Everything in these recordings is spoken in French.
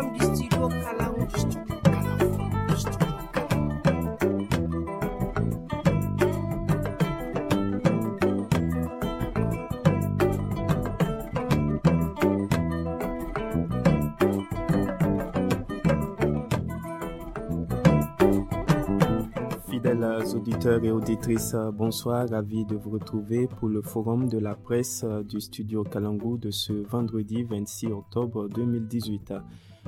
du auditeurs et auditrices, euh, bonsoir, ravi de vous retrouver pour le forum de la presse euh, du studio Kalangou de ce vendredi 26 octobre 2018.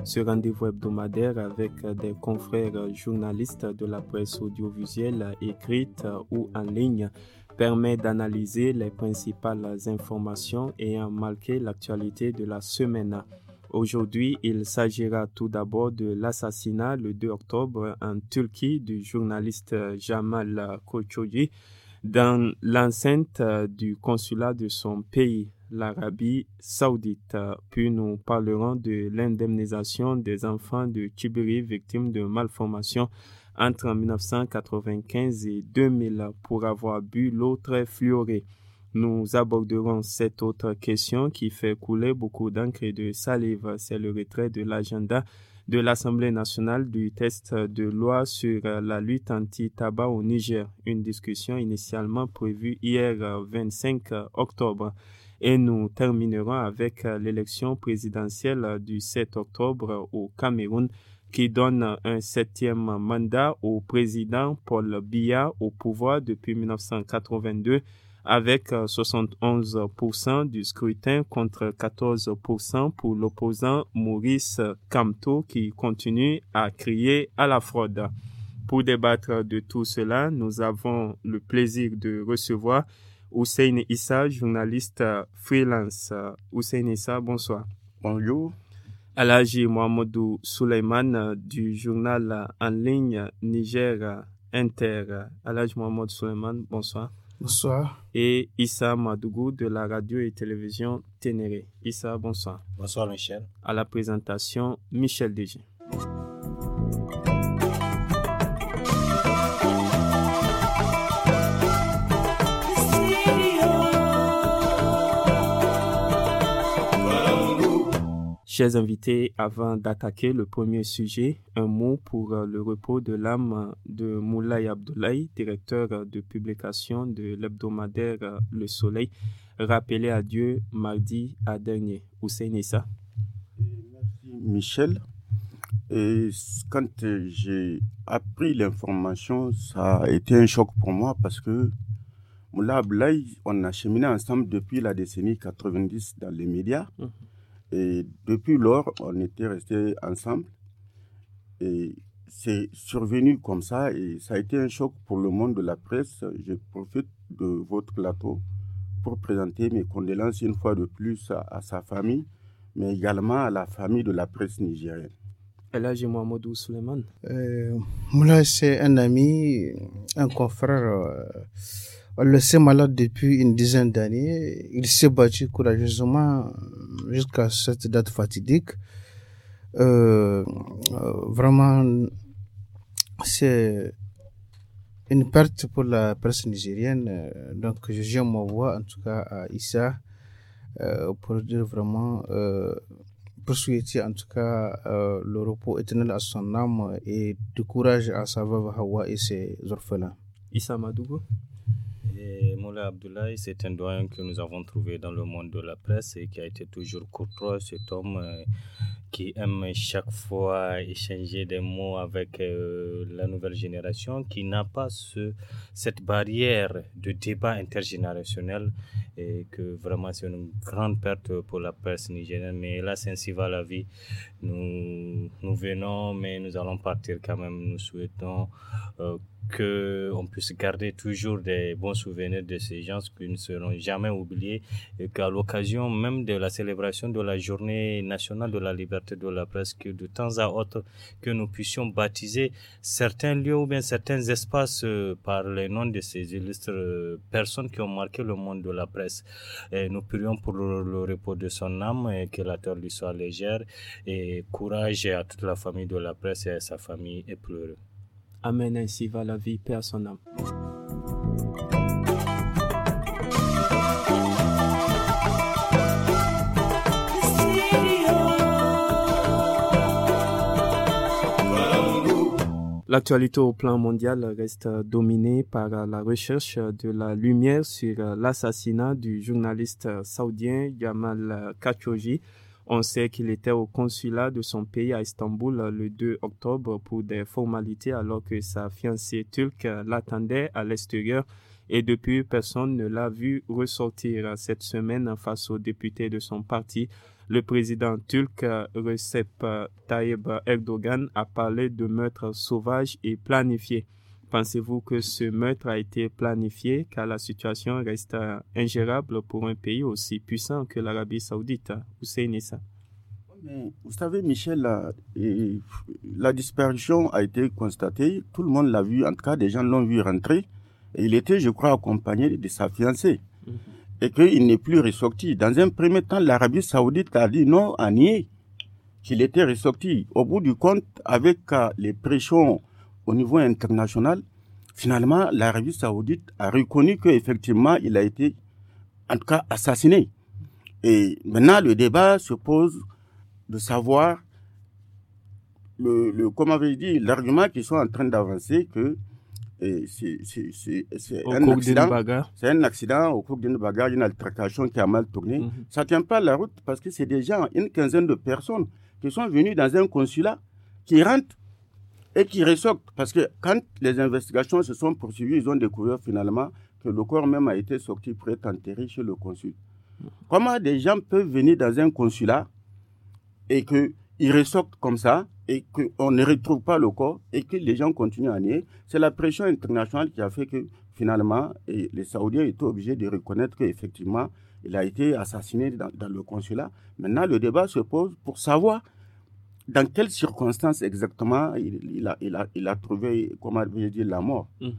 Ce rendez-vous hebdomadaire avec euh, des confrères journalistes de la presse audiovisuelle écrite ou en ligne permet d'analyser les principales informations ayant marqué l'actualité de la semaine. Aujourd'hui, il s'agira tout d'abord de l'assassinat le 2 octobre en Turquie du journaliste euh, Jamal Khashoggi dans l'enceinte euh, du consulat de son pays, l'Arabie saoudite. Puis nous parlerons de l'indemnisation des enfants de Tibérie victimes de malformations entre 1995 et 2000 pour avoir bu l'eau très fluorée. Nous aborderons cette autre question qui fait couler beaucoup d'encre et de salive, c'est le retrait de l'agenda de l'Assemblée nationale du test de loi sur la lutte anti-tabac au Niger, une discussion initialement prévue hier 25 octobre. Et nous terminerons avec l'élection présidentielle du 7 octobre au Cameroun qui donne un septième mandat au président Paul Biya au pouvoir depuis 1982 avec 71% euh, du scrutin contre 14% pour l'opposant Maurice Camto qui continue à crier à la fraude. Pour débattre de tout cela, nous avons le plaisir de recevoir Hussein Issa, journaliste euh, freelance. Euh, Hussein Issa, bonsoir. Bonjour. Alaji Mohamedou Suleiman du journal en ligne Niger Inter. Alaji Mohamed Suleiman, bonsoir. Bonsoir. Et Issa Madougou de la radio et télévision Ténéré. Issa, bonsoir. Bonsoir, Michel. À la présentation, Michel Dji. Chers invités, avant d'attaquer le premier sujet, un mot pour euh, le repos de l'âme de Moulay Abdoulaye, directeur euh, de publication de l'hebdomadaire euh, Le Soleil, rappelé à Dieu mardi à dernier. Hussein Issa. Merci Michel. quand j'ai appris l'information, ça a été un choc pour moi parce que Moulay Abdoulaye, on a cheminé ensemble depuis la décennie 90 dans les médias. Mhm. Et depuis lors, on était restés ensemble. Et c'est survenu comme ça et ça a été un choc pour le monde de la presse. Je profite de votre plateau pour présenter mes condoléances une fois de plus à, sa famille, mais également à la famille de la presse nigérienne. Et là, Mohamedou Suleiman. Euh, Moulay, c'est un ami, un confrère. Euh, on le sait malade depuis une dizaine d'années. Il s'est battu courageusement euh, jusqu'à cette date fatidique. Euh, euh, vraiment, c'est une perte pour la presse nigérienne. Donc, je jure ma voix, en tout cas, à Issa, pour dire vraiment, pour souhaiter en tout cas le repos éternel à son âme et du courage à sa veuve Hawa et ses orphelins. Issa Madougo et Abdoulaye, c'est un doyen que nous avons trouvé dans le monde de la presse et qui a été toujours courtois, cet homme euh, qui aime chaque fois échanger des mots avec euh, la nouvelle génération, qui n'a pas ce, cette barrière de débat intergénérationnel et que vraiment c'est une grande perte pour la presse nigérienne. Mais là, c'est ainsi va la vie. Nous, venons, mais nous allons partir quand même. Nous souhaitons euh, que on puisse garder toujours des bons souvenirs de ces gens qui ne seront jamais oubliés et qu'à l'occasion même de la célébration de la journée nationale de la liberté de la presse, que de temps à autre, que nous puissions baptiser certains lieux ou bien certains espaces euh, par les noms de ces illustres euh, personnes qui ont marqué le monde de la presse. Et nous prions pour le, repos de son âme et que la terre lui soit légère et courage à toute la famille de la presse et à sa famille et pleure amène ainsi va la vie, à son âme. L'actualité au plan mondial reste dominée par la recherche de la lumière sur l'assassinat du journaliste saoudien Yamal Khashoggi on sait qu'il était au consulat de son pays à Istanbul le 2 octobre pour des formalités alors que sa fiancée turque l'attendait à l'extérieur et depuis personne ne l'a vu ressortir cette semaine face aux députés de son parti. Le président turc Recep Tayyip Erdogan a parlé de meurtres sauvage et planifié. Pensez-vous que ce meurtre a été planifié car la situation reste euh, ingérable pour un pays aussi puissant que l'Arabie saoudite Vous savez, Michel, la, disparition a été constatée. Tout le monde l'a vu. En tout cas, des gens l'ont vu rentrer. il était, je crois, accompagné de sa fiancée. Mm-hmm. Et qu'il n'est plus ressorti. Dans un premier temps, l'Arabie saoudite a dit non, à nier qu'il était ressorti. Au bout du compte, avec euh, les prêchons au niveau international, finalement, l'Arabie saoudite a reconnu qu'effectivement, il a été, en tout cas, assassiné. Et maintenant, le débat se pose de savoir, le, le comme avait dit, l'argument qu'ils sont en train d'avancer que eh, c'est un accident. C'est un accident au cours d'une bagarre, une altercation qui a mal tourné. Mhm. Ça ne tient pas la route parce que c'est déjà une quinzaine de personnes qui sont venues dans un consulat, qui rentrent et qui ressortent. Parce que quand les investigations se sont poursuivies, ils ont découvert finalement que le corps même a été sorti pour être enterré chez le consul. Comment des gens peuvent venir dans un consulat et qu'ils ressortent comme ça et qu'on ne retrouve pas le corps et que les gens continuent à nier C'est la pression internationale qui a fait que finalement les Saoudiens étaient obligés de reconnaître qu'effectivement il a été assassiné dans le consulat. Maintenant, le débat se pose pour savoir dans quelles circonstances exactement il, a, il, a, a, trouvé, la mort mhm.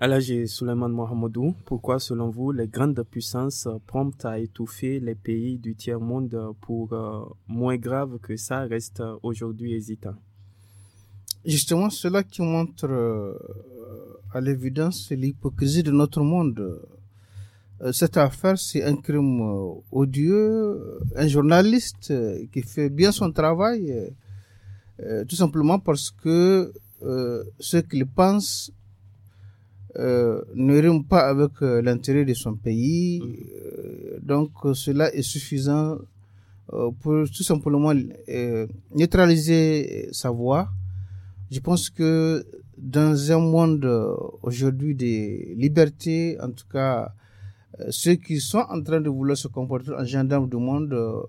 Allah Alors, j'ai Suleiman Mohamedou, pourquoi selon vous les grandes puissances promptes à étouffer les pays du tiers-monde pour euh, moins grave que ça restent aujourd'hui hésitants Justement, cela qui montre euh, à l'évidence l'hypocrisie de notre monde euh, cette affaire, c'est un crime euh, odieux. Euh, un journaliste qui fait bien son travail, tout simplement parce que ce qu'il pense ne rime pas avec l'intérêt de son pays. Mmh. donc cela est suffisant pour tout simplement neutraliser sa voix. Je pense que dans un monde aujourd'hui de liberté, en tout cas euh, ceux qui sont en train de vouloir se comporter en gendarme du monde, euh,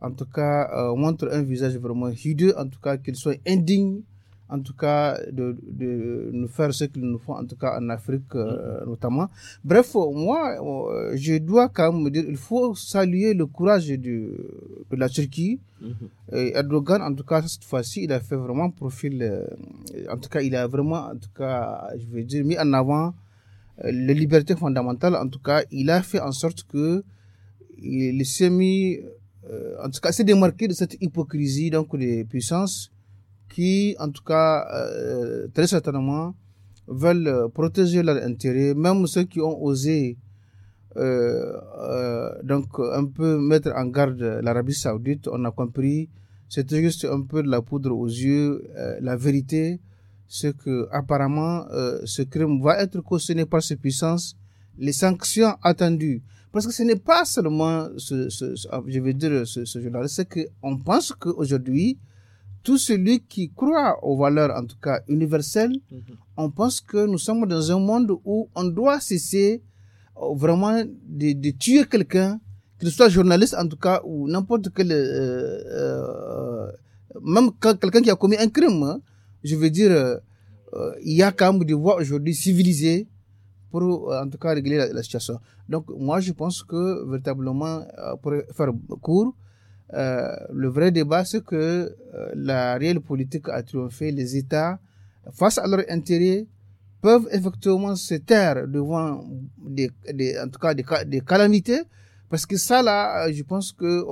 en tout cas, euh, montrent un visage vraiment hideux, en tout cas, qu'ils soient indignes en tout cas de, de, nous faire ce qu'ils nous font en tout cas en Afrique mm-hmm. notamment. Bref, moi je dois quand même dire il faut saluer le courage de, de la Turquie. Mm-hmm. Erdogan en tout cas cette fois-ci il a fait vraiment profil en tout cas il a vraiment en tout cas je veux dire mis en avant euh, les libertés fondamentales, en tout cas, il a fait en sorte que les semis euh, en tout cas, s'est démarqué de cette hypocrisie donc des puissances qui, en tout cas, euh, très certainement, veulent protéger leurs intérêts, même ceux qui ont osé donc un peu mettre en garde l'Arabie Saoudite. On a compris, c'était juste un peu de la poudre aux yeux, la vérité c'est que apparemment euh, ce crime va être cautionné par ces puissances, les sanctions attendues. Parce que ce n'est pas seulement, ce, ah, je veux dire, ce, journaliste, c'est qu'on pense qu'aujourd'hui, tout celui qui croit aux valeurs, en tout cas universelles, mm-hmm. on pense que nous sommes dans un monde où on doit cesser euh, vraiment de, tuer quelqu'un, qu'il soit journaliste en tout cas, ou n'importe quel... Euh, même quelqu'un qui a commis un crime, hein je veux dire, euh, euh, il y a quand même des voies aujourd'hui civilisées pour euh, en tout cas régler la, situation. Donc moi je pense que véritablement, pour faire court, le vrai débat c'est que la réelle politique a triomphé, les États, face à leur intérêt, peuvent effectivement se taire devant des, en tout cas des, calamités, parce que ça là, je pense que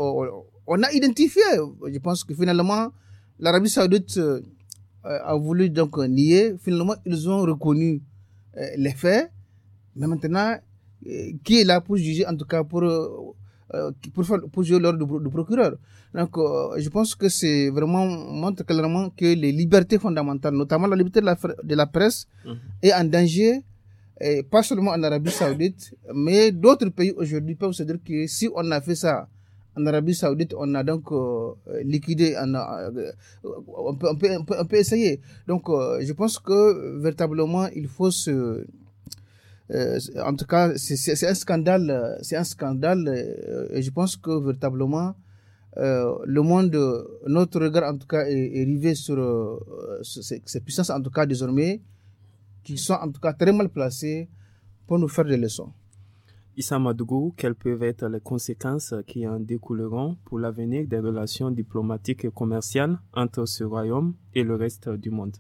a identifié, je pense que finalement l'Arabie saoudite... Euh, a voulu donc nier. Finalement, ils ont reconnu euh, les faits. Mais maintenant, euh, qui est là pour juger, en tout cas pour, pour, jouer l'ordre du, procureur Donc, je pense que c'est vraiment, montre clairement que les libertés fondamentales, notamment la liberté de la, presse, mhm. est en danger. Et pas seulement en Arabie Saoudite, mais d'autres pays aujourd'hui peuvent se dire que si on a fait ça en Arabie Saoudite, on a donc euh, liquidé, on, euh, on, peut, essayer. Donc, euh, je pense que véritablement, il faut se. en tout cas, c'est un scandale, c'est un scandale, et je pense que véritablement, le monde, notre regard en tout cas, est, rivé sur, ces, puissances, en tout cas désormais, qui sont en tout cas très mal placées pour nous faire des leçons. Issa quelles peuvent être les conséquences qui en découleront pour l'avenir des relations diplomatiques et commerciales entre ce royaume et le reste du monde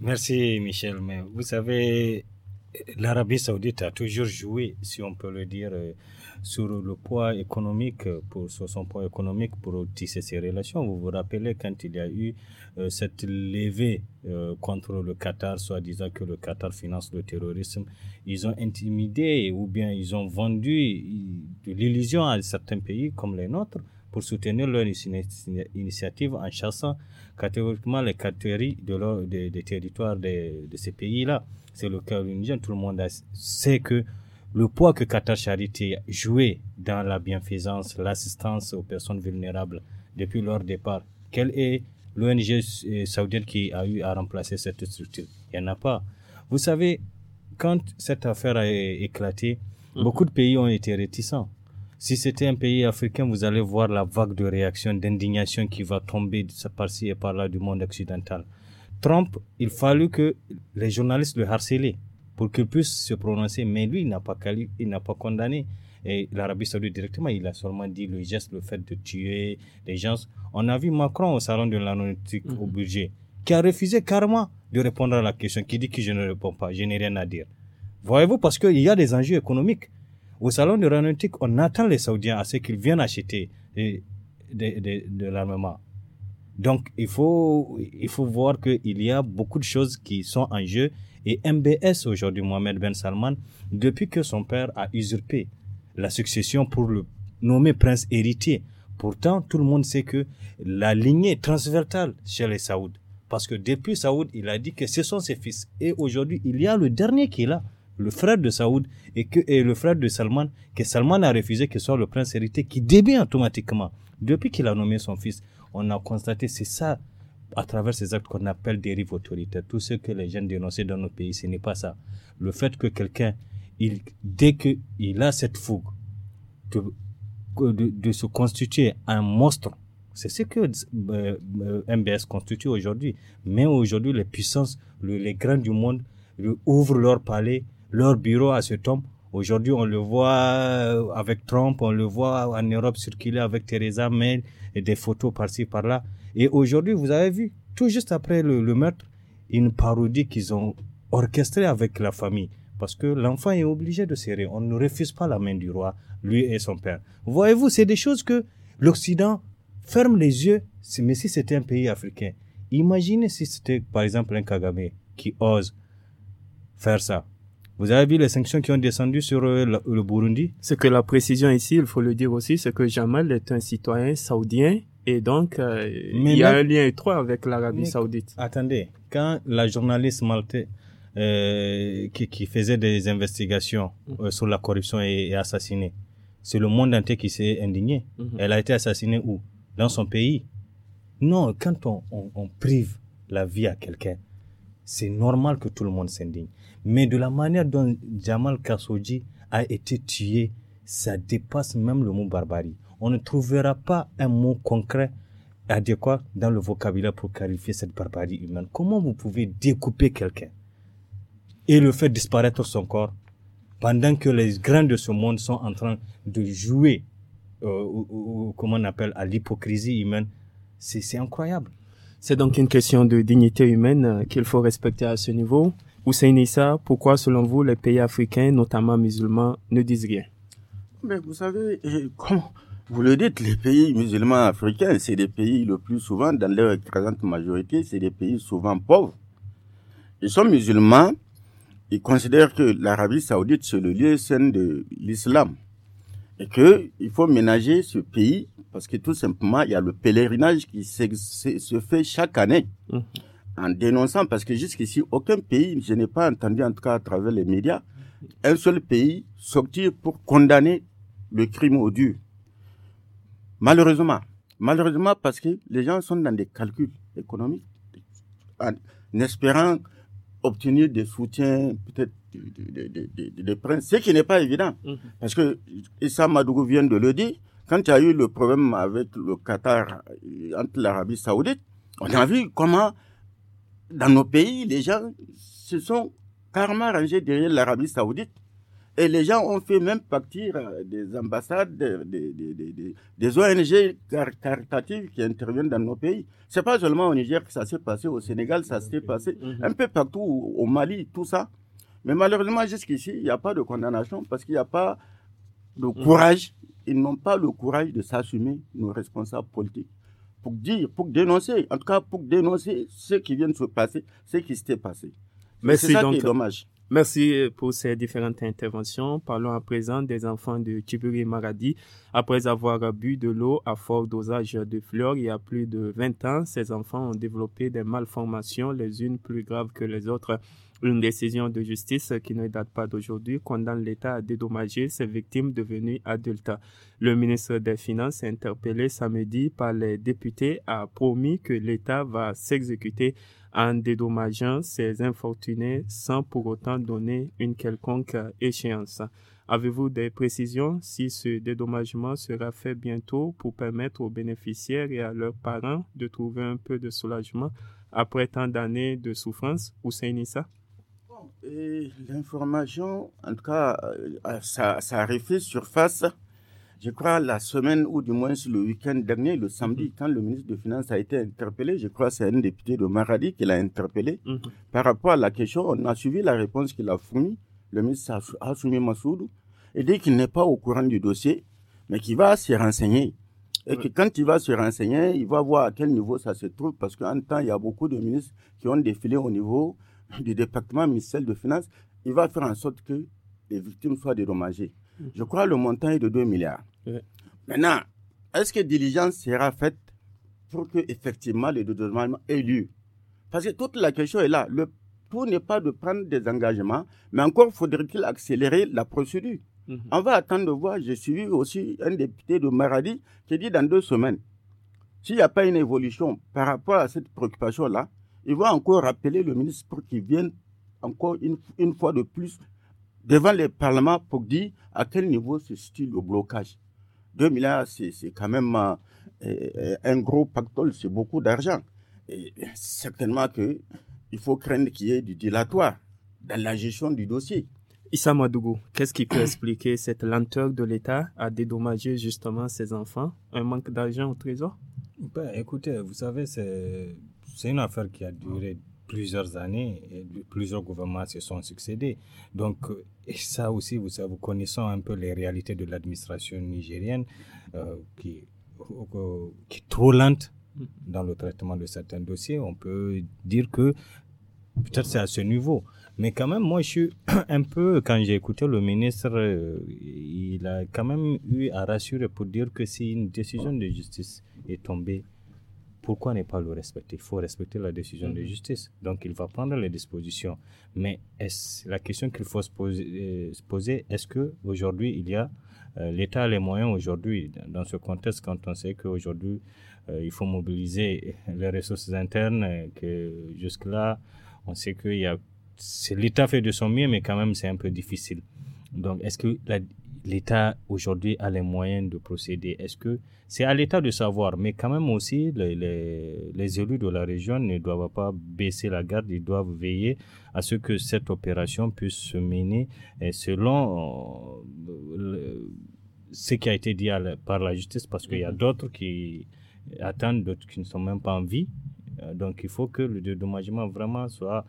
Merci Michel, mais vous savez, l'Arabie saoudite a toujours joué, si on peut le dire, euh, sur le poids économique, pour, sur son poids économique pour tisser ses relations. Vous vous rappelez quand il y a eu euh, cette levée euh, contre le Qatar, soi-disant que le Qatar finance le terrorisme, ils ont intimidé ou bien ils ont vendu de l'illusion à certains pays comme les nôtres pour soutenir leur initiative en chassant catégoriquement les catégories de leur, des, territoires de, de ces pays-là. C'est le cas de l'Union. Tout le monde sait que le poids que Qatar Charité jouait dans la bienfaisance, l'assistance aux personnes vulnérables depuis leur départ. Quelle est l'ONG euh, saoudienne qui a eu à remplacer cette structure Il n'y en a pas. Vous savez, quand cette affaire a éclaté, hum. beaucoup de pays ont été réticents. Si c'était un pays africain, vous allez voir la vague de réaction, d'indignation qui va tomber de par-ci et par-là du monde occidental. Trump, il fallut que les journalistes le harcèlent pour qu'il puisse se prononcer. Mais lui, il n'a pas, il pas condamné l'Arabie saoudite directement. Il a seulement dit le geste, le fait de tuer des gens. On a vu Macron au salon de l'Analytique au mhm. budget, qui a refusé carrément de répondre à la question, qui dit que je ne réponds pas, je n'ai rien à dire. Voyez-vous, parce qu'il y a des enjeux économiques. Au salon de l'aéronautique, on attend les Saoudiens à ce qu'ils viennent acheter de, l'armement. Donc, il faut, il faut voir qu'il y a beaucoup de choses qui sont en jeu et MBS aujourd'hui Mohamed Ben Salman depuis que son père a usurpé la succession pour le nommer prince héritier. Pourtant, tout le monde sait que la lignée transversale chez les Saouds. Parce que depuis Saoud, il a dit que ce sont ses fils. Et aujourd'hui, il y a le dernier qui est là, le frère de Saoud et, que, et le frère de Salman, que Salman a refusé que soit le prince héritier, qui débute automatiquement. Depuis qu'il a nommé son fils, on a constaté, c'est ça à travers ces actes qu'on appelle dérives autoritaires. Tout ce que les jeunes dénonçaient dans nos pays, ce n'est pas ça. Le fait que quelqu'un, il, dès qu'il a cette fougue de, se constituer un monstre, c'est ce que euh, MBS constitue aujourd'hui. Mais aujourd'hui, les puissances, les grands du monde ouvrent leur palais, leur bureau à ce homme Aujourd'hui, on le voit euh, avec Trump, on le voit en Europe circuler avec Theresa May, et des photos par-ci, par-là. Et aujourd'hui, vous avez vu, tout juste après le, meurtre, une parodie qu'ils ont orchestrée avec la famille. Parce que l'enfant est obligé de serrer. On ne refuse pas la main du roi, lui et son père. Voyez-vous, c'est des choses que l'Occident ferme les yeux. Mais si c'était un pays africain, imaginez si c'était par exemple un Kagame qui ose faire ça. Vous avez vu les sanctions qui ont descendu sur euh, le, Burundi Ce que la précision ici, il faut le dire aussi, c'est que Jamal est un citoyen saoudien et donc euh, il y a un lien étroit avec l'Arabie saoudite. Attendez, quand la journaliste maltaise euh, qui, faisait des investigations mm. sur la corruption est assassinée, c'est le monde entier qui s'est indigné. Mm-hmm. Elle a été assassinée où Dans son pays. Non, quand on prive la vie à quelqu'un, c'est normal que tout le monde s'indigne. Mais de la manière dont Jamal Khashoggi a été tué, ça dépasse même le mot barbarie. On ne trouvera pas un mot concret adéquat dans le vocabulaire pour qualifier cette barbarie humaine. Comment vous pouvez découper quelqu'un et le faire disparaître son corps pendant que les grains de ce monde sont en train de jouer, euh, comment on appelle, à l'hypocrisie humaine C'est incroyable. C'est donc une question de dignité humaine euh, qu'il faut respecter à ce niveau. Hussein Issa, pourquoi selon vous les pays africains, notamment musulmans, ne disent rien Mais Vous savez, euh, comme vous le dites, les pays musulmans africains, c'est des pays le plus souvent, dans leur écrasante majorité, c'est des pays souvent pauvres. Ils sont musulmans, ils considèrent que l'Arabie saoudite, c'est le lieu sain de l'islam et qu'il faut ménager ce pays parce que tout simplement, il y a le pèlerinage qui se, fait chaque année. Hum. En dénonçant, parce que jusqu'ici, aucun pays, je n'ai pas entendu, en tout cas à travers les médias, un seul pays sortir pour condamner le crime odieux. Malheureusement. Malheureusement parce que les gens sont dans des calculs économiques, en espérant obtenir des soutiens peut-être des de, princes, ce qui n'est pas évident. Hum. Parce que ça Madougou vient de le dire, quand il y a eu le problème avec le Qatar, entre l'Arabie saoudite, on a vu comment, dans nos pays, les gens se sont carrément rangés derrière l'Arabie saoudite. Et les gens ont fait même partir euh, des ambassades, des, ONG caritatives qui interviennent dans nos pays. Ce n'est pas seulement au Niger que ça s'est passé, au Sénégal ça s'est passé, mhm. un peu partout, au Mali, tout ça. Mais malheureusement, jusqu'ici, il n'y a pas de condamnation parce qu'il n'y a pas de mhm. courage ils n'ont pas le courage de s'assumer, nos responsables politiques, pour dire, pour dénoncer, en tout cas pour dénoncer ce qui vient de se passer, ce qui s'était passé. Merci ça donc. Qui est dommage. Merci pour ces différentes interventions. Parlons à présent des enfants de Tiburi Maradi. Après avoir bu de l'eau à fort dosage de fleurs il y a plus de 20 ans, ces enfants ont développé des malformations, les unes plus graves que les autres. Une décision de justice qui ne date pas d'aujourd'hui condamne l'État à dédommager ses victimes devenues adultes. Le ministre des Finances, interpellé samedi par les députés, a promis que l'État va s'exécuter en dédommageant ces infortunés sans pour autant donner une quelconque échéance. Avez-vous des précisions si ce dédommagement sera fait bientôt pour permettre aux bénéficiaires et à leurs parents de trouver un peu de soulagement après tant d'années de souffrance ou L'information, en tout cas, euh, ça, ça refait surface, je crois, la semaine ou du moins le week-end dernier, le samedi, mm-hmm. quand le ministre de Finances a été interpellé. Je crois que c'est un député de Maradi qui l'a interpellé. Mm-hmm. Par rapport à la question, on a suivi la réponse qu'il a fournie, le ministre soumis Massoud, et dit qu'il n'est pas au courant du dossier, mais qu'il va se renseigner. Et que quand il va se renseigner, il va voir à quel niveau ça se trouve, parce qu'en temps, il y a beaucoup de ministres qui ont défilé au niveau du département ministériel de Finances, il va faire en sorte que les victimes soient dédommagées. Mm. Je crois que le montant est de 2 milliards. Maintenant, est-ce que diligence sera faite pour que effectivement le dédommagement ait lieu Parce que toute la question est là. Le tout n'est pas de prendre des engagements, mais encore faudrait-il accélérer la procédure. Mm-hmm. On va attendre de voir. J'ai suivi aussi un député de Maradi qui dit dans deux semaines, s'il n'y a pas une évolution par rapport à cette préoccupation-là, il va encore rappeler le ministre pour qu'il vienne encore une, fois de plus devant le Parlement pour dire à quel niveau se situe le blocage. 2 milliards, c'est quand même euh, euh, un gros pactole, c'est beaucoup d'argent. Et certainement qu'il faut craindre qu'il y ait du dilatoire dans la gestion du dossier. Issa Madougou, qu'est-ce qui peut expliquer cette lenteur de l'État à dédommager justement ses enfants Un manque d'argent au trésor ben, écoutez, vous savez, c'est une affaire qui a duré plusieurs années et plusieurs gouvernements se sont succédés. Donc, et ça aussi, vous savez, connaissons un peu les réalités de l'administration nigérienne euh, qui, euh, qui est trop lente dans le traitement de certains dossiers. On peut dire que peut-être c'est à ce niveau. Mais quand même, moi, je suis un peu, quand j'ai écouté le ministre, euh, il a quand même eu à rassurer pour dire que si une décision de justice est tombée, pourquoi ne pas le respecter Il faut respecter la décision de mhm. justice. Donc, il va prendre les dispositions. Mais la question qu'il faut se poser, euh, est-ce qu'aujourd'hui, il y a euh, l'État les moyens aujourd'hui, dans ce contexte, quand on sait qu'aujourd'hui, il faut mobiliser les ressources internes, que jusque-là, on sait qu'il y a l'État fait de son mieux, mais quand même, c'est un peu difficile. Donc, est-ce que l'État aujourd'hui a les moyens de procéder Est-ce que c'est à l'État de savoir Mais quand même aussi, les, élus de la région ne doivent pas baisser la garde. Ils doivent veiller à ce que cette opération puisse se mener euh, selon euh, ce qui a été dit par la justice, parce qu'il y a mm-hmm. d'autres qui attendent, d'autres qui ne sont même pas en vie. Euh, donc, il faut que le dédommagement vraiment soit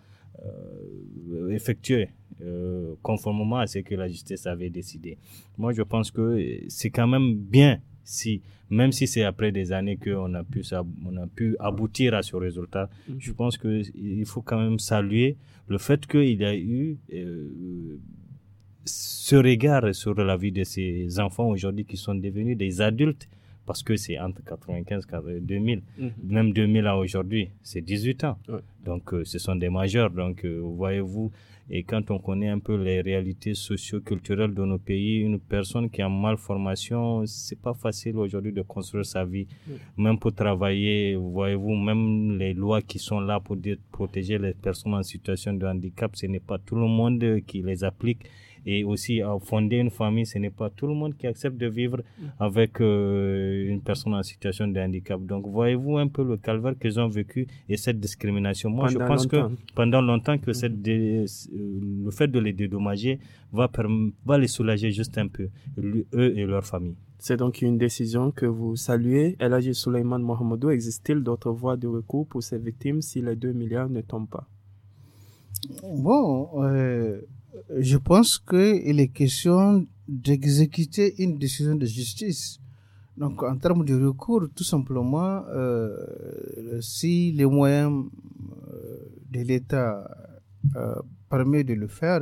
euh, effectué euh, conformément à ce que la justice avait décidé. Moi, je pense que c'est quand même bien si, même si c'est après des années qu'on a pu, on a pu aboutir à ce résultat, mhm. je pense qu'il faut quand même saluer le fait qu'il y a eu euh, ce regard sur la vie de ces enfants aujourd'hui qui sont devenus des adultes parce que c'est entre 95 et 2000. Même 2000 à aujourd'hui, c'est 18 ans. Donc, euh, ce sont des majeurs. Donc, euh, voyez-vous, et quand on connaît un peu les réalités socio-culturelles de nos pays, une personne qui a mal formation, c'est pas facile aujourd'hui de construire sa vie. Même pour travailler, voyez-vous, même les lois qui sont là pour protéger les personnes en situation de handicap, ce n'est pas tout le monde qui les applique et aussi à euh, fonder une famille. Ce n'est pas tout le monde qui accepte de vivre mm. avec euh, une personne en situation de handicap. Donc, voyez-vous un peu le calvaire qu'ils ont vécu et cette discrimination. Moi, je pense que pendant longtemps que cette mm. euh, le fait de les dédommager va, les soulager juste un peu, eux et leur famille. C'est donc une décision que vous saluez. Elhaj Souleymane Mohamedou, existe-t-il d'autres voies de recours pour ces victimes si les 2 milliards ne tombent pas Bon, je pense qu'il est question d'exécuter une décision de justice. Donc, en termes de recours, tout simplement, euh, si les moyens euh, de l'État euh, permettent de le faire,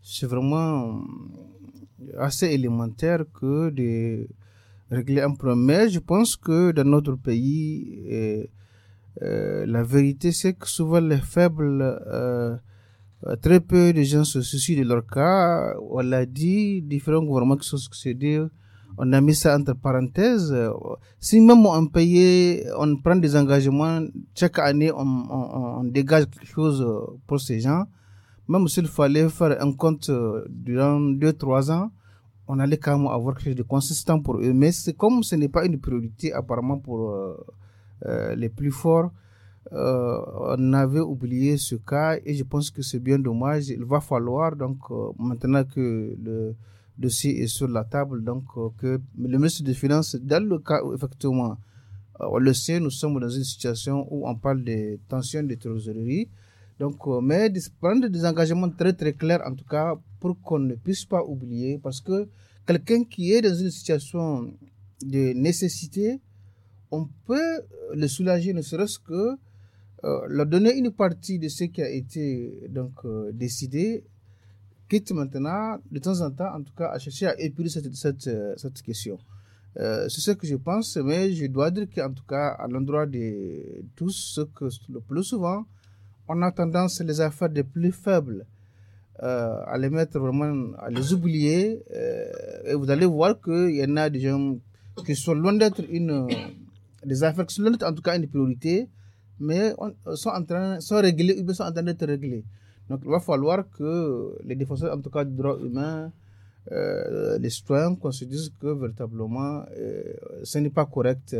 c'est vraiment assez élémentaire que de régler un problème. Mais je pense que dans notre pays, la vérité, c'est que souvent les faibles euh, très peu de gens se soucient de leur cas. On l'a dit, différents gouvernements qui sont succédés, on a mis ça entre parenthèses. Euh, si même on payait, on prend des engagements, chaque année on, dégage quelque chose euh, pour ces gens. Même s'il fallait faire un compte durant 2-3 ans, on allait quand même avoir quelque chose de consistant pour eux. Mais comme ce n'est pas une priorité apparemment pour les plus forts, euh, on avait oublié ce cas et je pense que c'est bien dommage. Il va falloir, donc, euh, maintenant que le dossier est sur la table, donc, euh, que le ministre des Finances, dans le cas où, effectivement, on le sait, nous sommes dans une situation où on parle des tensions de trésorerie. Donc, mais de prendre des engagements très, très clairs, en tout cas, pour qu'on ne puisse pas oublier, parce que quelqu'un qui est dans une situation de nécessité, on peut le soulager, ne serait-ce que leur donner une partie de ce qui a été donc euh, décidé, quitte maintenant, de temps en temps, en tout cas, à chercher à épurer cette, euh, question. Euh, c'est ce que je pense, mais je dois dire qu'en tout cas, à l'endroit de tous, ce que le plus souvent, on a tendance les affaires des plus faibles à les mettre vraiment, à les oublier. et vous allez voir qu'il y en a des gens qui sont loin d'être une, des affaires qui sont en tout cas une priorité mais on, euh, sont, en train, sont ou d'être réglés. Donc il va falloir que les défenseurs, en tout cas, du droit humain, euh, les citoyens, qu'on se dise que véritablement, euh, ce n'est pas correct.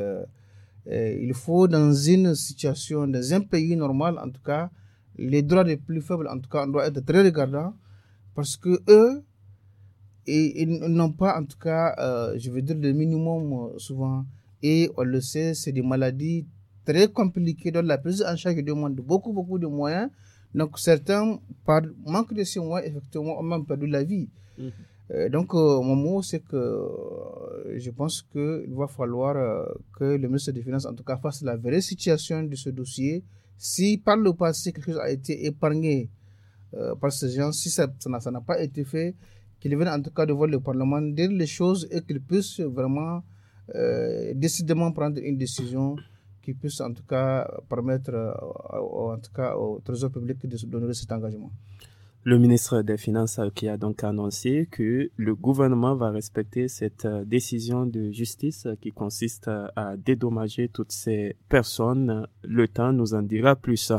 il faut, dans une situation, dans un pays normal, en tout cas, les droits des plus faibles, en tout cas, on doit être très regardant parce que eux, ils n'ont pas, en tout cas, je veux dire, le minimum souvent. Et on le sait, c'est des maladies très compliqué dans la prise en charge qui demande beaucoup, beaucoup de moyens. Donc, certains, par manque de ces moyens, effectivement, ont même perdu la vie. Mmh. Euh, donc, euh, mon mot, c'est que euh, je pense qu'il va falloir que le ministre des Finances, en tout cas, fasse la vraie situation de ce dossier. Si par le passé, quelque chose a été épargné par ces gens, si ça n'a pas été fait, qu'il vienne en tout cas devant le Parlement dire les choses et qu'il puisse vraiment décidément prendre une décision qui puisse en tout cas permettre euh, en tout cas au Trésor public de se donner cet engagement. Le ministre des Finances euh, qui a donc annoncé que le gouvernement va respecter cette euh, décision de justice qui consiste à dédommager toutes ces personnes. Le temps nous en dira plus.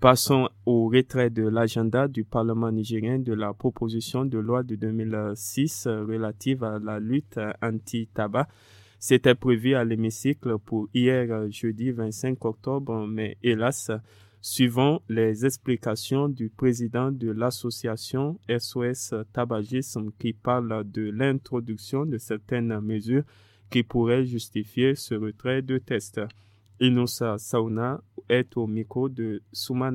Passons au retrait de l'agenda du Parlement nigérien de la proposition de loi de 2006 relative à la lutte anti-tabac. C'était prévu à l'hémicycle pour hier euh, jeudi 25 octobre, mais hélas, suivant les explications du président de l'association SOS Tabagisme qui parle de l'introduction de certaines mesures qui pourraient justifier ce retrait de test. Inoussa Sauna est au micro de Souman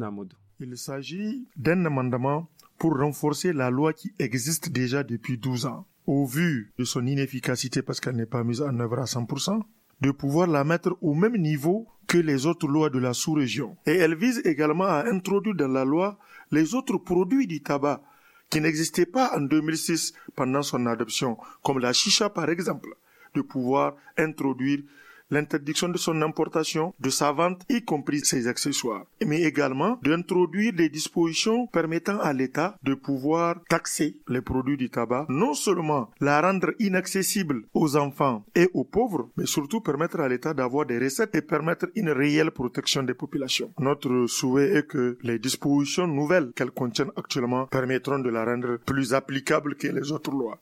Il s'agit d'un amendement pour renforcer la loi qui existe déjà depuis 12 ans au vu de son inefficacité parce qu'elle n'est pas mise en œuvre à 100%, de pouvoir la mettre au même niveau que les autres lois de la sous-région. Et elle vise également à introduire dans la loi les autres produits du tabac qui n'existaient pas en 2006 pendant son adoption, comme la chicha par exemple, de pouvoir introduire l'interdiction de son importation, de sa vente, y compris ses accessoires, mais également d'introduire des dispositions permettant à l'État de pouvoir taxer les produits du tabac, non seulement la rendre inaccessible aux enfants et aux pauvres, mais surtout permettre à l'État d'avoir des recettes et permettre une réelle protection des populations. Notre souhait est que les dispositions nouvelles qu'elle contient actuellement permettront de la rendre plus applicable que les autres lois.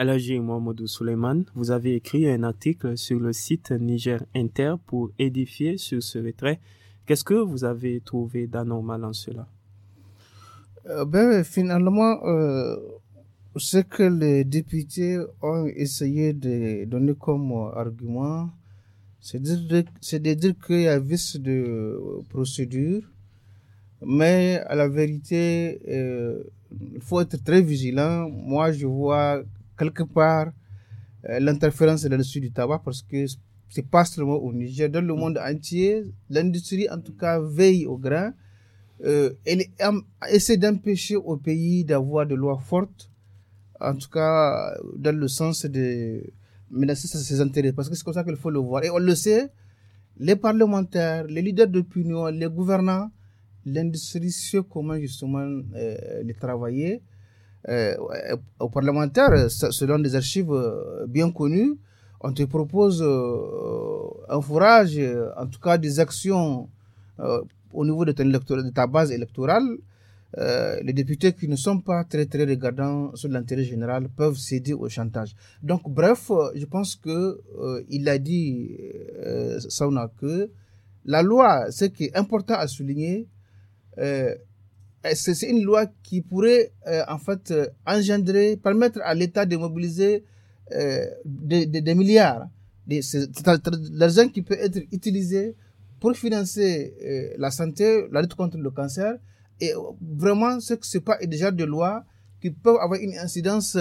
Al-Aji Mohamedou Suleiman, vous avez écrit un article sur le site Niger Inter pour édifier sur ce retrait. Qu'est-ce que vous avez trouvé d'anormal en cela euh, ben, Finalement, euh, ce que les députés ont essayé de donner comme argument, c'est de, dire qu'il y a vice de procédure, mais à la vérité, euh, il faut être très vigilant. Moi, je vois quelque part euh, l'interférence de l'industrie du tabac parce que c'est pas seulement au Niger, dans le monde entier, l'industrie en tout cas veille au grain. Euh, elle essaie d'empêcher au pays d'avoir des lois fortes, en tout cas dans le sens de menacer ses intérêts, parce que c'est comme ça qu'il faut le voir. Et on le sait, les parlementaires, les leaders d'opinion, les gouvernants, l'industrie sait comment justement euh, les travailler euh, aux parlementaires, selon des archives euh, bien connues, on te propose euh, un fourrage, en tout cas des actions au niveau de, de ta base électorale. les députés qui ne sont pas très très regardants sur l'intérêt général peuvent céder au chantage. Donc bref, je pense que il a dit On Sauna que la loi, ce qui est important à souligner, euh, c'est une loi qui pourrait euh, en fait euh, engendrer, permettre à l'État de mobiliser des, des, milliards. De, l'argent qui peut être utilisé pour financer la santé, la lutte contre le cancer. Et vraiment, ce que n'est pas déjà des loi qui peuvent avoir une incidence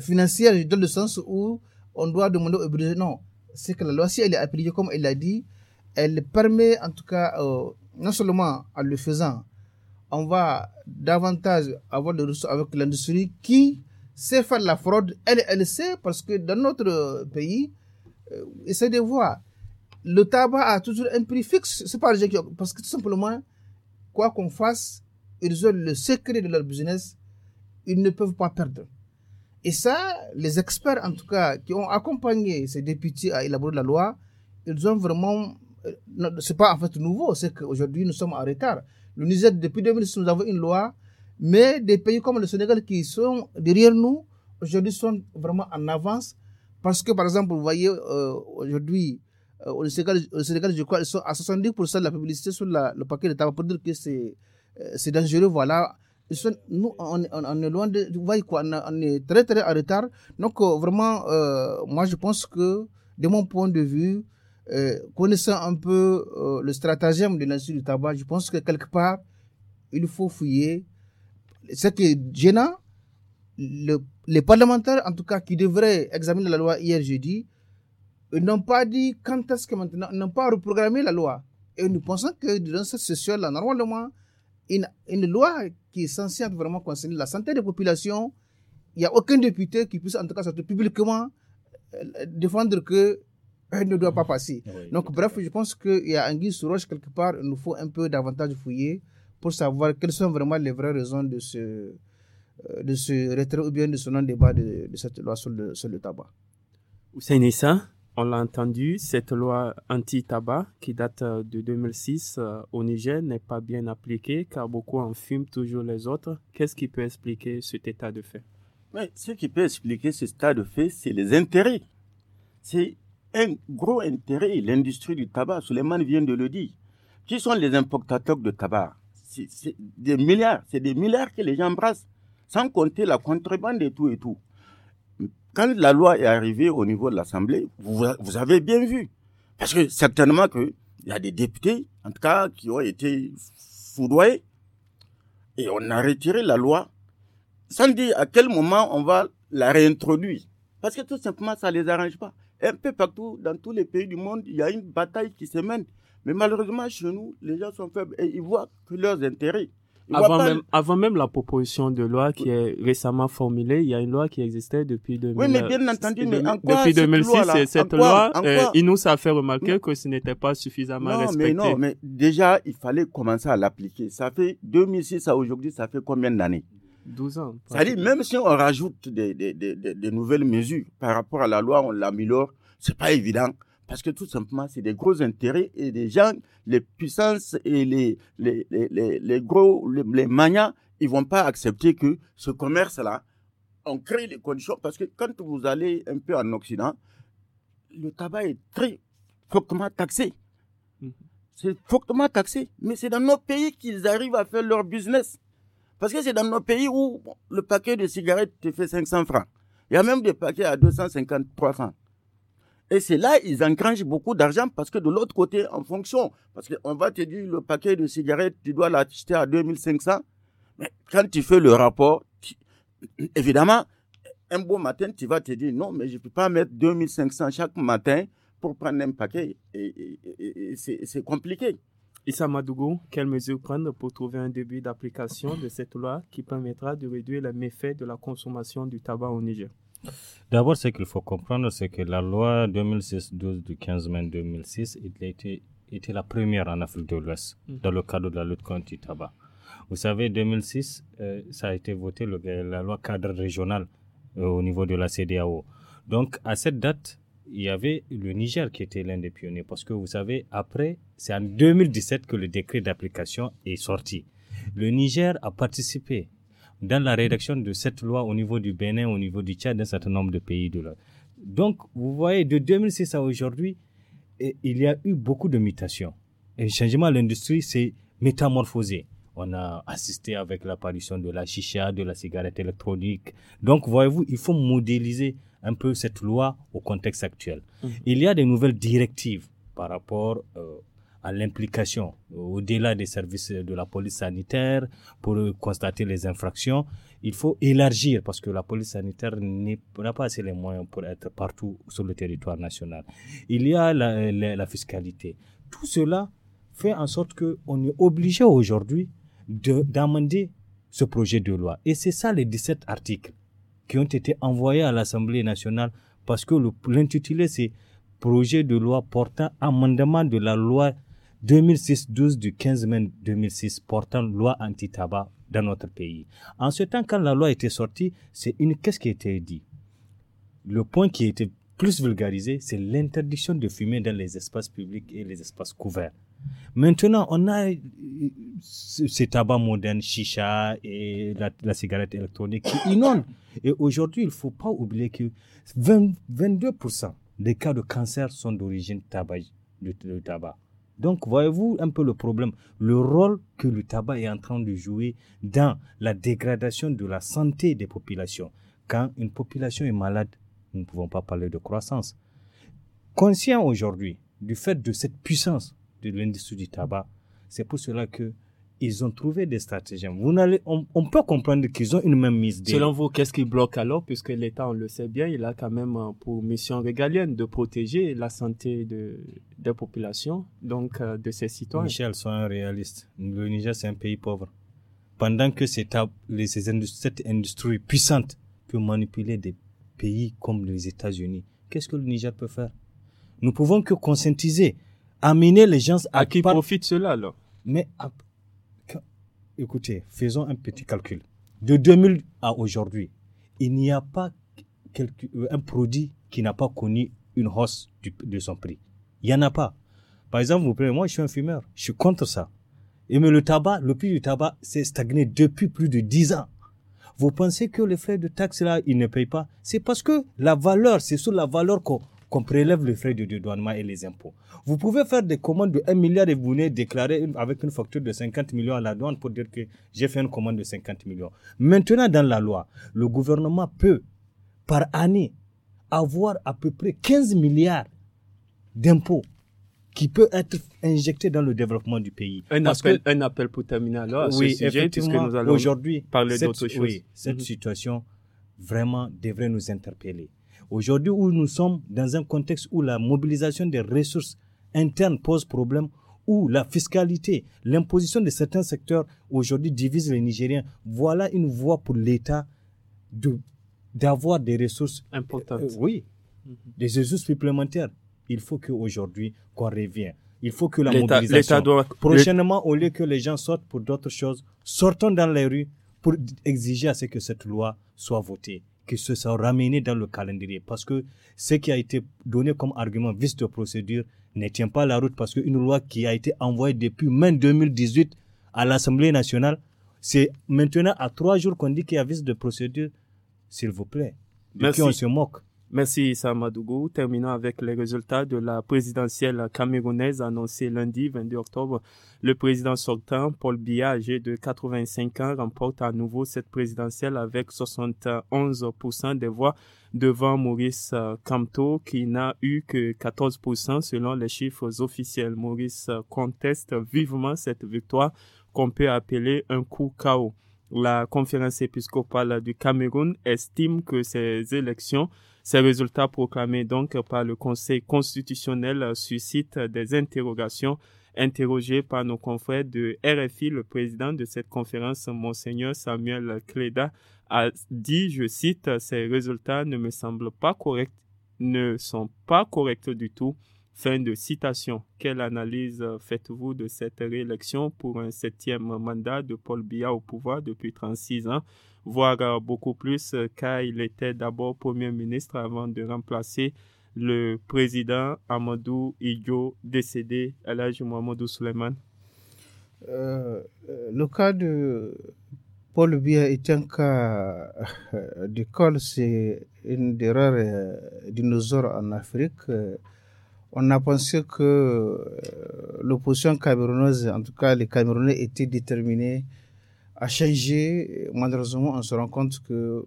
financière dans le sens où on doit demander au budget. Non, c'est que la loi, si elle est appliquée comme elle l'a dit, elle permet en tout cas, non seulement en le faisant, on va davantage avoir de ressources avec l'industrie qui sait faire la fraude. Elle, elle sait parce que dans notre pays, euh, essayez de voir. Le tabac a toujours un prix fixe. C'est pas le parce que tout simplement, quoi qu'on fasse, ils ont le secret de leur business. Ils ne peuvent pas perdre. Et ça, les experts, en tout cas, qui ont accompagné ces députés à élaborer la loi, ils ont vraiment. Euh, c'est pas en fait nouveau, c'est qu'aujourd'hui, nous sommes en retard. Le Niger, depuis 2006, nous avons une loi, mais des pays comme le Sénégal qui sont derrière nous, aujourd'hui sont vraiment en avance. Parce que, par exemple, vous voyez, euh, aujourd'hui, le, euh, Sénégal, Sénégal, je crois, ils sont à 70% de la publicité sur le paquet de tabac pour dire que c'est euh, dangereux. Voilà. nous, on, est loin de. Vous voyez quoi, on est très, très en retard. Donc, vraiment, moi, je pense que, de mon point de vue, euh, connaissant un peu euh, le stratagème de l'industrie du tabac, je pense que quelque part, il faut fouiller. Ce qui est gênant, les parlementaires, en tout cas, qui devraient examiner la loi hier jeudi, euh, n'ont pas dit quand est-ce que maintenant, n'ont pas reprogrammé la loi. Et nous pensons que dans cette session-là, normalement, une, loi qui est censée vraiment concerner la santé des populations, il n'y a aucun député qui puisse, en tout cas, publiquement, défendre que elle ne doit pas mm. passer. Donc, bref, je pense qu'il y a Anguille sous roche quelque part. Il nous faut un peu davantage fouiller pour savoir quelles sont vraiment les vraies raisons de ce, euh, de ce retrait ou bien de ce non-débat de, cette loi sur le, sur le tabac. on l'a entendu, cette loi anti-tabac qui date euh, de 2006 euh, au Niger n'est pas bien appliquée car beaucoup en fument toujours les autres. Qu'est-ce qui peut expliquer cet état de fait Mais ce qui peut expliquer cet état de fait, c'est les intérêts. C'est un gros intérêt, l'industrie du tabac, Suleiman vient de le dire. Qui sont les importateurs de tabac C'est des milliards, c'est des milliards que les gens brassent, sans compter la contrebande et tout et tout. Quand la loi est arrivée au niveau de l'Assemblée, vous, avez bien vu. Parce que certainement qu'il y a des députés, en tout cas, qui ont été foudoyés, et on a retiré la loi, sans dire à quel moment on va la réintroduire. Parce que tout simplement, ça ne les arrange pas un peu partout dans tous les pays du monde, il y a une bataille qui se mène. Mais malheureusement, chez nous, les gens sont faibles et ils voient que leurs intérêts. Avant même, avant même, la proposition de loi qui est récemment formulée, il y a une loi qui existait depuis 2006. Oui, mais bien euh, entendu, mais en quoi depuis 2006, cette loi, cette euh, il nous a fait remarquer que ce n'était pas suffisamment non, respecté. Mais non, mais déjà, il fallait commencer à l'appliquer. Ça fait 2006 à aujourd'hui, ça fait combien d'années 12 ans. cest même si on rajoute des, des, des, nouvelles mesures par rapport à la loi, on l'améliore, c'est pas évident. Parce que tout simplement, c'est des gros intérêts et des gens, les puissances et les, les, les, les, gros, les, les ils vont pas accepter que ce commerce-là, on crée les conditions. Parce que quand vous allez un peu en Occident, le tabac est très fortement taxé. Mhm. C'est fortement taxé. Mais c'est dans nos pays qu'ils arrivent à faire leur business. Parce que c'est dans nos pays où le paquet de cigarettes te fait 500 francs. Il y a même des paquets à 253 francs. Et c'est là ils engrangent beaucoup d'argent parce que de l'autre côté, en fonction, parce qu'on va te dire le paquet de cigarettes, tu dois l'acheter à 2500. Mais quand tu fais le rapport, évidemment, un beau matin, tu vas te dire non, mais je ne peux pas mettre 2500 chaque matin pour prendre un paquet. et c'est compliqué. Issa Madougou, quelles mesures prendre pour trouver un début d'application de cette loi qui permettra de réduire les méfaits de la consommation du tabac au Niger D'abord, ce qu'il faut comprendre, c'est que la loi 2006-12 du 15 mai 2006 était la première en Afrique de l'Ouest mm. dans le cadre de la lutte contre le tabac. Vous savez, 2006, euh, ça a été voté la loi cadre régionale euh, au niveau de la CDAO. Donc, à cette date, il y avait le Niger qui était l'un des pionniers parce que vous savez, après, c'est en 2017 que le décret d'application est sorti. Le Niger a participé dans la rédaction de cette loi au niveau du Bénin, au niveau du Tchad, d'un certain nombre de pays de Donc, vous voyez, de 2006 à aujourd'hui, eh, il y a eu beaucoup de mutations. Et le changement à l'industrie s'est métamorphosé. On a assisté avec l'apparition de la chicha, de la cigarette électronique. Donc, voyez-vous, il faut modéliser un peu cette loi au contexte actuel. Mhm. Il y a des nouvelles directives par rapport euh, à l'implication au-delà des services de la police sanitaire pour euh, constater les infractions. Il faut élargir parce que la police sanitaire n'a pas assez les moyens pour être partout sur le territoire national. Il y a la, la fiscalité. Tout cela fait en sorte qu'on est obligé aujourd'hui d'amender ce projet de loi. Et c'est ça les 17 articles qui ont été envoyés à l'Assemblée nationale parce que l'intitulé, c'est projet de loi portant amendement de la loi 2006-12 du 15 mai 2006 portant loi anti-tabac dans notre pays. En ce temps, quand la loi était sortie, c'est une qu'est-ce qui été dit Le point qui a été plus vulgarisé, c'est l'interdiction de fumer dans les espaces publics et les espaces couverts. Maintenant, on a euh, ces tabacs modernes, chicha et la, cigarette électronique qui inondent. Et aujourd'hui, il ne faut pas oublier que 20, 22% des cas de cancer sont d'origine tabac, du tabac. Donc, voyez-vous un peu le problème, le rôle que le tabac est en train de jouer dans la dégradation de la santé des populations. Quand une population est malade, nous ne pouvons pas parler de croissance. Conscient aujourd'hui du fait de cette puissance de l'industrie du tabac. C'est pour cela que ils ont trouvé des stratégies. Vous n'allez, on, peut comprendre qu'ils ont une même mise Selon vous, qu'est-ce qui bloque alors Puisque l'État, on le sait bien, il a quand même euh, pour mission régalienne de protéger la santé de, des populations, donc euh, de ses citoyens. Michel, soyons réalistes. Le Niger, c'est un pays pauvre. Pendant que ces, les, ces industries, cette industrie puissante peut manipuler des pays comme les États-Unis, qu'est-ce que le Niger peut faire Nous pouvons que conscientiser amener les gens à, qui profite cela alors Mais écoutez, faisons un petit calcul. De 2000 à aujourd'hui, il n'y a pas euh, un produit qui n'a pas connu une hausse de son prix. Il n'y en a pas. Par exemple, vous prenez, moi je suis un fumeur, je suis contre ça. Et mais le tabac, le prix du tabac s'est stagné depuis plus de 10 ans. Vous pensez que les frais de taxes là, ils ne payent pas C'est parce que la valeur, c'est sur la valeur qu'on qu'on prélève les frais de dédouanement et les impôts. Vous pouvez faire des commandes de 1 milliard et vous venez déclarer avec une facture de 50 millions à la douane pour dire que j'ai fait une commande de 50 millions. Maintenant, dans la loi, le gouvernement peut, par année, avoir à peu près 15 milliards d'impôts qui peut être injecté dans le développement du pays. Un, appel, pour terminer alors ce sujet, puisque nous allons parler d'autres choses. cette mhm. situation vraiment devrait nous interpeller. Aujourd'hui où nous sommes dans un contexte où la mobilisation des ressources internes pose problème, où la fiscalité, l'imposition de certains secteurs aujourd'hui divise les Nigériens, voilà une voie pour l'État d'avoir des ressources euh, importantes. oui, des ressources supplémentaires. Il faut qu'aujourd'hui, qu'on revienne. Il faut que la mobilisation. Doit... Prochainement, au lieu que les gens sortent pour d'autres choses, sortons dans les rues pour exiger à ce que cette loi soit votée qui se sont ramenés dans le calendrier. Parce que ce qui a été donné comme argument vice de procédure ne tient pas la route parce qu'une loi qui a été envoyée depuis mai 2018 à l'Assemblée nationale, c'est maintenant à trois jours qu'on dit qu'il y a vice de procédure. S'il vous plaît. et puis on se moque. Merci Samadougou. Terminons avec les résultats de la présidentielle camerounaise annoncée lundi 22 octobre. Le président sortant, Paul Biya, âgé de 85 ans, remporte à nouveau cette présidentielle avec 71% des voix devant Maurice Camteau euh, qui n'a eu que 14% selon les chiffres officiels. Maurice euh, conteste vivement cette victoire qu'on peut appeler un coup chaos. La conférence épiscopale du Cameroun estime que ces élections ces résultats proclamés donc par le Conseil constitutionnel suscitent des interrogations. interrogées par nos confrères de RFI, le président de cette conférence, Monseigneur Samuel Cléda, a dit, je cite, ces résultats ne me semblent pas corrects, ne sont pas corrects du tout. Fin de citation. Quelle analyse faites-vous de cette réélection pour un septième mandat de Paul Biya au pouvoir depuis 36 ans, voire euh, beaucoup plus, euh, car il était d'abord Premier ministre avant de remplacer le président Amadou Idjo, décédé à l'âge de Mohamedou Suleiman euh, Le cas de Paul Biya est un cas d'école, c'est une des rares dinosaures en Afrique on a pensé que euh, l'opposition camerounaise, en tout cas les Camerounais, étaient déterminés à changer. Malheureusement, on se rend compte que,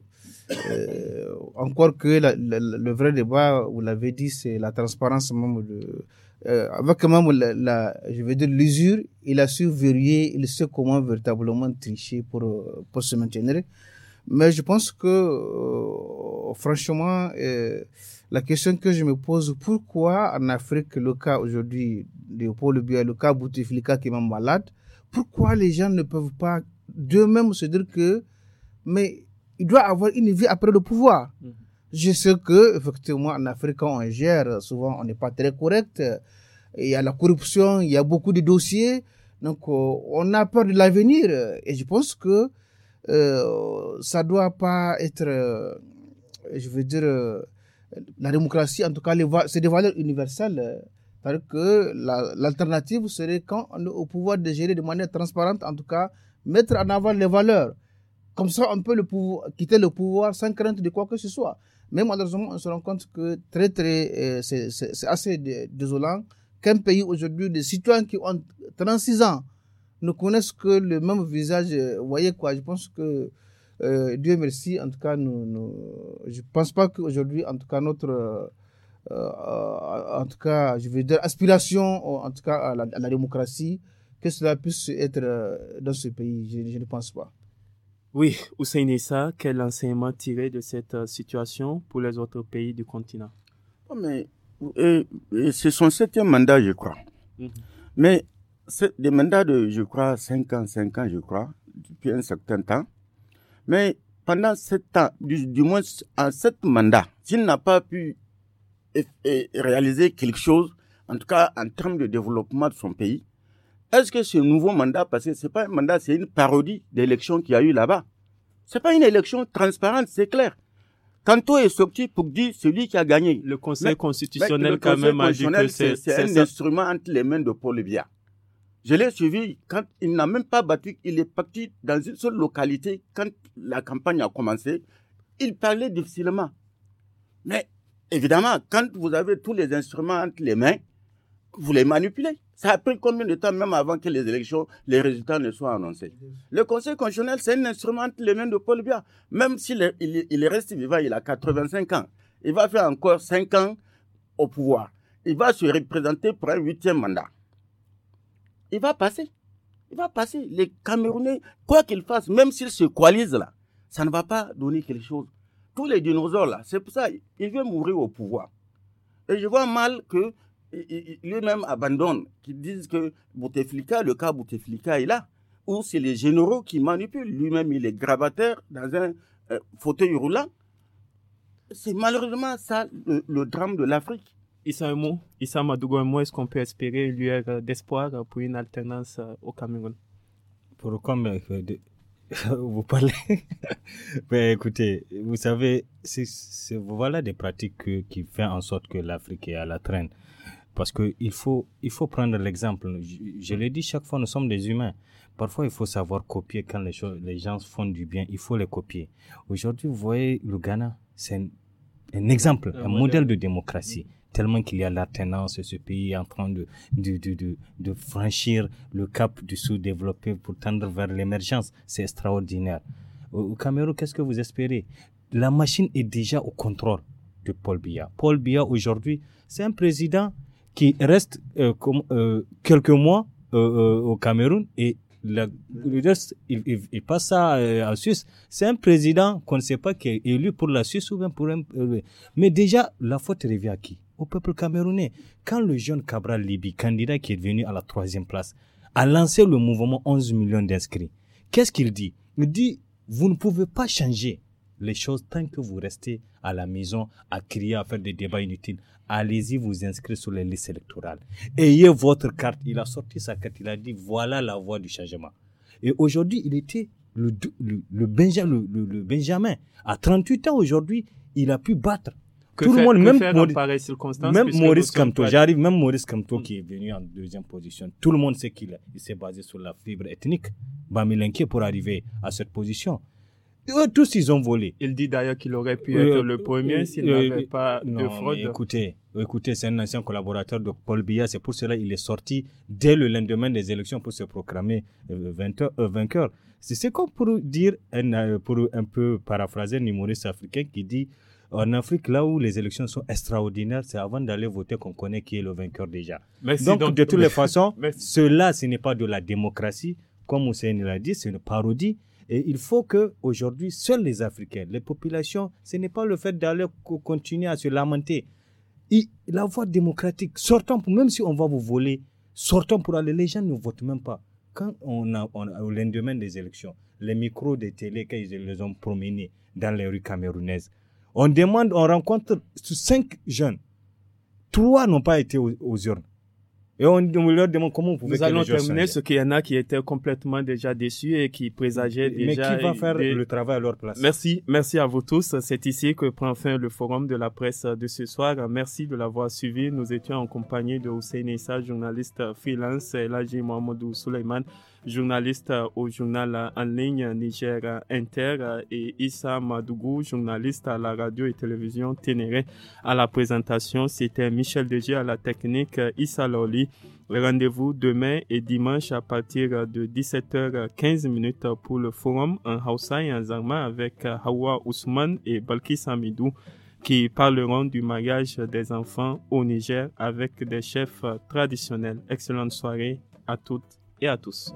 euh, encore que le vrai débat, vous l'avez dit, c'est la transparence même de, euh, avec même la, je veux dire l'usure, il a su verrouiller, il sait comment véritablement tricher pour, pour se maintenir. Mais je pense que, franchement, la question que je me pose, pourquoi en Afrique, le cas aujourd'hui de Paul Biya, le cas Bouteflika qui est malade, pourquoi les gens ne peuvent pas d'eux-mêmes se dire que, mais il doit avoir une vie après le pouvoir. Mhm. Je sais que, effectivement, en Afrique, quand on gère, souvent, on n'est pas très correct. Il y a la corruption, il y a beaucoup de dossiers. Donc, euh, on a peur de l'avenir. Et je pense que euh, ça doit pas être, euh, je veux dire, euh, la démocratie, en tout cas, c'est des valeurs universelles. Parce euh, que l'alternative serait quand on est au pouvoir de gérer de manière transparente, en tout cas, mettre en avant les valeurs. Comme ça, on peut le pouvoir, quitter le pouvoir sans crainte de quoi que ce soit. Mais malheureusement, on se rend compte que très, très, euh, c'est assez désolant qu'un pays aujourd'hui, des citoyens qui ont 36 ans ne connaissent que le même visage. Vous euh, voyez quoi, je pense que euh, Dieu merci, en tout cas, nous, je ne pense pas qu'aujourd'hui, en tout cas, notre, euh, euh, en tout cas, je veux dire, aspiration, en tout cas, à la, démocratie, que cela puisse être dans ce pays. Je, ne pense pas. Oui, Hussein Issa, quel enseignement tirer de cette situation pour les autres pays du continent Non mais, C'est son septième mandat, je crois. Mhm. Mais c'est des mandats de, je crois, 5 ans, 5 ans, je crois, depuis un certain temps. Mais pendant sept ans, du, moins en sept mandats, s'il n'a pas pu e, e, réaliser quelque chose, en tout cas en termes de développement de son pays, est-ce que ce nouveau mandat, parce que ce n'est pas un mandat, c'est une parodie d'élection qu'il y a eu là-bas. ce n'est pas une élection transparente, c'est clair. Tantôt est sorti pour dire celui qui a gagné. Le Conseil constitutionnel quand même a dit que c'est un instrument entre les mains de Paul je l'ai suivi quand il n'a même pas battu, il est parti dans une seule localité quand la campagne a commencé. Il parlait difficilement. Mais évidemment, quand vous avez tous les instruments entre les mains, vous les manipulez. Ça a pris combien de temps même avant que les élections, les résultats ne soient annoncés Le Conseil constitutionnel, c'est un instrument entre les mains de Paul Biya. Même s'il il, resté reste vivant, il a 85 ans. Il va faire encore 5 ans au pouvoir. Il va se représenter pour un huitième mandat il va passer. Il va passer. Les Camerounais, quoi qu'ils fassent, même s'ils se coalisent là, ça ne va pas donner quelque chose. Tous les dinosaures là, c'est pour ça, qu'ils veulent mourir au pouvoir. Et je vois mal que lui-même abandonne, qu'ils disent que Bouteflika, le cas Bouteflika est là, ou c'est les généraux qui manipulent. Lui-même, il est gravataire dans un euh, fauteuil roulant. C'est malheureusement ça le drame de l'Afrique. Issa Isama Issa est-ce qu'on peut espérer une lueur d'espoir pour une alternance euh, au Cameroun Pourquoi euh, vous parlez Écoutez, vous savez, voilà des pratiques qui font en sorte que l'Afrique est à la traîne. Parce qu'il faut, il faut prendre l'exemple. Je, le l'ai dit chaque fois, nous sommes des humains. Parfois, il faut savoir copier quand les, gens font du bien. Il faut les copier. Aujourd'hui, vous voyez, le Ghana, c'est un, exemple, un, modèle. de démocratie tellement qu'il y a la tendance, ce pays est en train de, de, de, de, franchir le cap du sous-développé pour tendre vers l'émergence. C'est extraordinaire. Au, Cameroun, qu'est-ce que vous espérez La machine est déjà au contrôle de Paul Biya. Paul Biya, aujourd'hui, c'est un président qui reste euh, comme, euh, quelques mois euh, au Cameroun et le il, passe à, la Suisse. C'est un président qu'on ne sait pas qui est élu pour la Suisse ou bien pour un. mais déjà, la faute revient à qui au peuple camerounais. Quand le jeune Cabral Libi, candidat qui est venu à la troisième place, a lancé le mouvement 11 millions d'inscrits, qu'est-ce qu'il dit Il dit, vous ne pouvez pas changer les choses tant que vous restez à la maison à crier, à faire des débats inutiles. Allez-y vous inscrire sur les listes électorales. Ayez votre carte. Il a sorti sa carte, il a dit, voilà la voie du changement. Et aujourd'hui, il était le, Benjamin. À 38 ans aujourd'hui, il a pu battre tout le monde, même, Maurice, même Maurice j'arrive, même Maurice Kamto hmm. qui est venu en deuxième position, tout le monde sait qu'il s'est basé sur la fibre ethnique bamilenke pour arriver à cette position. Eux tous, ils ont volé. Il dit d'ailleurs qu'il aurait pu euh, être le premier s'il euh, n'avait pas de fraude. Écoutez, écoutez c'est un ancien collaborateur de Paul Biya, c'est pour cela qu'il est sorti dès le lendemain des élections pour se proclamer euh, vainqueur. C'est comme pour dire, pour un peu paraphraser un humoriste africain qui dit en Afrique, là où les élections sont extraordinaires, c'est avant d'aller voter qu'on connaît qui est le vainqueur déjà. donc, de toutes les façons, cela, ce n'est pas de la démocratie. Comme Hussein l'a dit, c'est une parodie. Et il faut que aujourd'hui, seuls les Africains, les populations, ce n'est pas le fait d'aller continuer à se lamenter. Et la voie démocratique, sortons, même si on va vous voler, sortons pour aller, les gens ne votent même pas. Quand on a, au lendemain des élections, les micros des télé, quand ils les ont promenés dans les rues camerounaises, on demande, on rencontre cinq jeunes. Trois n'ont pas été aux, urnes. Et on, leur demande comment vous pouvez Nous allons terminer ce qu'il y en a qui étaient complètement déjà déçus et qui présageaient déjà. Mais qui va faire le travail à leur place Merci, merci à vous tous. C'est ici que prend fin le forum de la presse de ce soir. Merci de l'avoir suivi. Nous étions en compagnie de Hussein Issa, journaliste freelance, et Laji Mohamedou Suleiman, journaliste euh, au journal euh, en ligne euh, Niger Inter, et Issa Madougou, journaliste à la radio et télévision Ténéré. À la présentation, c'était Michel Degé à la technique, Issa Loli. Rendez-vous demain et dimanche à partir de 17h15 pour le forum en Hausa et en Zarma avec Hawa Ousmane et Balkis Amidou qui parleront du mariage des enfants au Niger avec des chefs traditionnels. Excellente soirée à toutes et à tous.